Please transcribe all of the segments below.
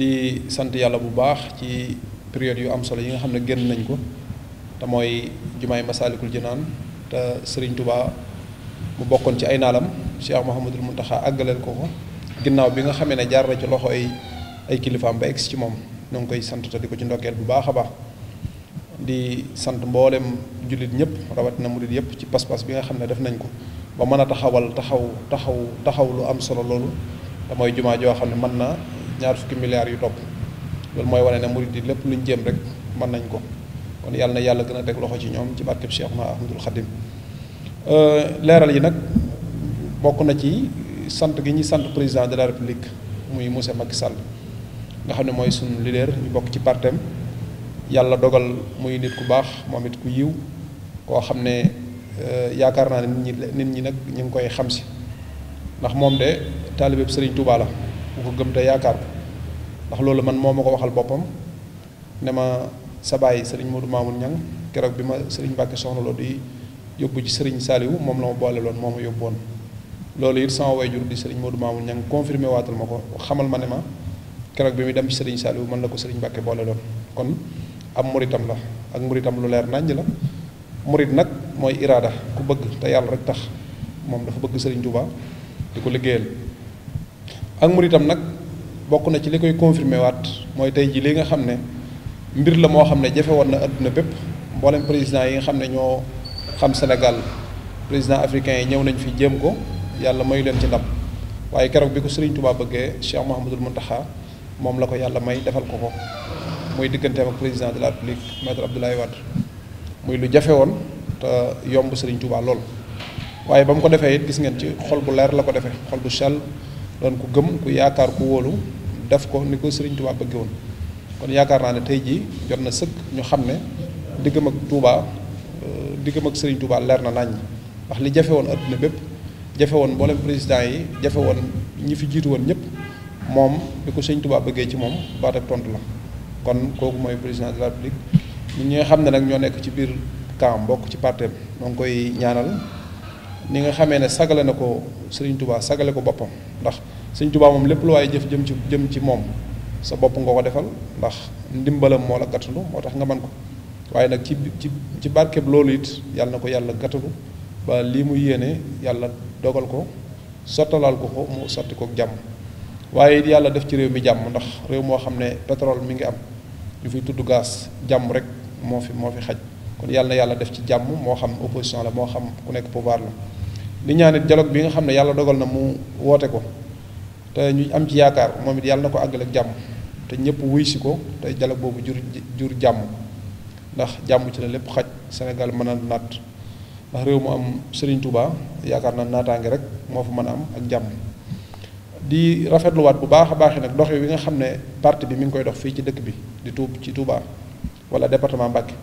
di sant yàlla bu baax ci période yu am solo yi nga xam ne génn nañ ko te mooy jumaay Masaalikul naan te seriñ tubaa mu bokkoon ci ay naalam Cheikh Mouhamadul Mountakha àggaleel ko ko ginnaaw bi nga xamee ne jaar na ci loxo ay ay kilifaam ba egsi ci moom ñoo ngi koy sant te di ko ci ndokkeel bu baax a baax. di sant mboolem jullit ñëpp rawatina murit yëpp ci pas-pas bi nga xam ne def nañ ko ba mën a taxawal taxaw taxaw taxaw lu am solo loolu te mooy jumaa joo xam ne mën na ñaar fukki milliards yu top lool moy wone ne murid yi lépp luñ jéem rek man nañ ko kon yalla na yalla gëna tek loxo ci ñom ci barke Cheikh na Ahmadul euh leral yi nak bokku na ci sante gi ñi sante président de la république muy monsieur Macky Sall nga xamne moy sun leader ñu bokk ci partem yalla dogal muy nit ku bax momit ku yiw ko xamne ne euh, yaakar na nit ñi nit ñi nak ñing koy xam ci ndax mom de talibé Serigne Touba la ku ko gëm te yaakaar ko ndax loolu man moo ma ko waxal boppam ne ma sa bàyyi sëriñ Modou Mamoun Niang keroog bi ma sëriñ Mbacke soxna loo di yóbbu ci sëriñ Saliou moom la ma boole loon moo ma yóbbu loolu it sama wayjur di sëriñ Modou Mamoun Niang confirmé waatal ma ko xamal ma ne ma keroog bi muy dem ci sëriñ Saliou man la ko sëriñ Mbacke boole loon kon am muritam la ak muritam lu leer nañ la murit nak mooy irada, ku bëgg te yàlla rek tax moom dafa bëgg sëriñ Touba di ko liggéeyal ak muritam nag bokk na ci li koy confirmé waat mooy tey jii li nga xam ne mbir la moo xam ne jafe woon na àdduna bépp mboolem président yi nga xam ne ñoo xam Sénégal président africain yi ñëw nañ fi jéem ko yàlla mayu leen ci ndam waaye keroog bi ko Serigne Touba bëggee Cheikh Mouhamadul Mountakha moom la ko yàlla may defal ko ko muy digganteem ak président de la République maître Abdoulaye Wade muy lu jafe woon te yomb Serigne Touba lool. waaye ba mu ko defee gis ngeen ci xol bu leer la ko defee doon ku gëm ku yaakaar ku wóolu def ko ni ko Sëriñ Tuubaa bëgge woon kon yaakaar naa ne tey jii jot na sëkk ñu xam ne diggam ak Tuubaa euh, diggam ak Sëriñ Tuubaa leer na nañ wax li jafe woon adduna bépp jafe woon mboolem président yi jafe woon ñi fi jiitu woon ñëpp moom li ko Sëriñ Tuubaa bëggee ci moom baat ak tontu la kon kooku mooy président de la République ñun ñi nga xam ne nag ñoo nekk ci biir camp mbokk ci parteem moo ngi koy ñaanal ni nga xamee ne sagale na ko Sëriñ sagale ko boppam seigne touba mom lepp lu way jëf jëm ci jëm ci mom sa bop nga ko defal ndax ndimbalam mo la gàttalu motax nga man ko waye nak ci ci ci barkeb loolu it yalla na ko yàlla ba li mu yene yalla dogal ko sotalal ko ko mu soti ko waye it yalla def ci rew mi jam ndax rew mo xamne ne pétrole mi ngi am ñu fi tuddu gas jam rek mo fi mo fi xaj kon yalla yalla def ci jam mo xam opposition la mo xam ku nek pouvoir la li ñaanit dialogue bi nga xamne yalla dogal na mu wote ko te ñu am ci yaakaar moom it yàlla na ko àggal ak jàmm te ñëpp wuy si ko te dialogue boobu jur jur jàmm ndax jàmm ci la lépp xaj Sénégal mën a ndax réew mu am Serigne Touba yaakaar na naataange rek moo fa mën a am ak jàmm di rafetluwaat bu baax a baaxee nag doxe wi nga xam ne parti bi mi ngi koy dox fii ci dëkk bi di tuub ci Touba wala département mbacke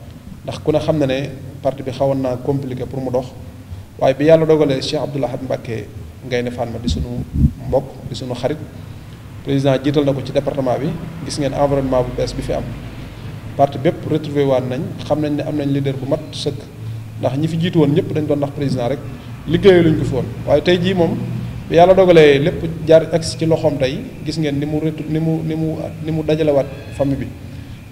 ndax ku ne xam na ne parti bi xawoon naa compliqué pour mu dox waaye bi yàlla dogalee Cheikh mbacke ngay ne di sunu bokk di sunu xarit président jiital na ko ci département bi gis ngeen environnement bu bees bi fi am parti bépp retrouvé waat nañ xam nañ ne am nañ leader bu mat sëkk ndax ñi fi jiitu woon ñëpp dañ doon ndax président rek liggéeyu luñ ko fi waaye tey jii moom yàlla dogalee lépp jaar agsi ci loxoom tey gis ngeen ni mu retu ni mu ni mu ni mu dajalewaat famille bi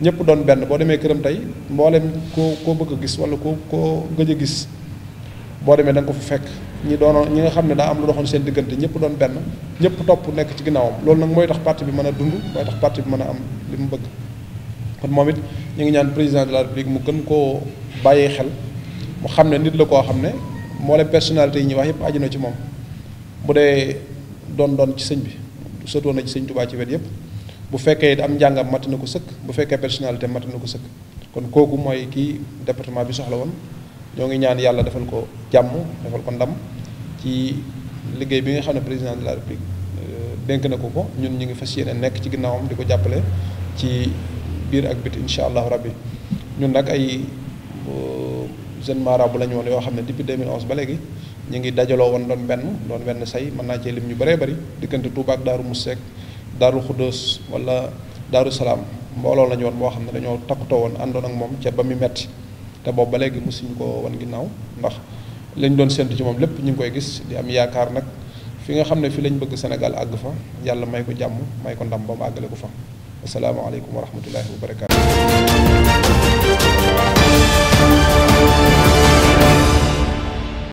ñëpp doon benn boo demee këram tey mboolem koo koo bëgg a gis wala koo ko gëj a gis boo demee da ko fa fekk ñi doonoon ñi nga xam ne daa am lu doxoon seen diggante ñëpp doon benn ñëpp topp nekk ci ginnaawam loolu nag mooy tax parti bi mën a dund mooy tax parti bi mën a am li mu bëgg kon moom it ñu ngi ñaan président de la république mu gën koo bàyyee xel mu xam ne nit la koo xam ne moo leen personnalité yi ñuy wax yëpp aju na ci moom bu dee doon doon ci sëñ bi sëtoo na ci sëñ Tuubaa ci wet yëpp bu fekkee am njàngam mat na ko sëkk bu fekkee personnalité mat na ko sëkk kon kooku mooy kii département bi soxla woon ñoo ngi ñaan yàlla defal ko jàmm defal ko ndam ci liggéey bi nga xam ne président de la république euh, dénk na ko ko ñun ñu ngi fas yéene nekk ci ginnaawam di ko jàppale ci biir ak bit incha allahu rabbi ñun nag ay euh, jeune mara bu lañu woon yoo xam ne depuis 2011 ba léegi ñu ngi dajaloo woon doon benn doon benn say mën naa cee lim ñu bëree bëri diggante Touba ak Daaru Musseek Daaru Xuddoos wala Daaru Salaam mbooloo lañu ñu woon moo xam ne dañoo takkutoo woon àndoon ak moom ca ba mu metti te boobu ba léegi mosuñu ko wan ginnaaw ndax lañ doon séntu ci moom lépp ñu ngi koy gis di am yaakaar nag fi nga xam ne fi lañ bëgg Sénégal àgg fa yàlla may ko jàmm may ko ndam ba mu àggale ko fa asalaamaaleykum wa rahmatullahi wa barakaatu.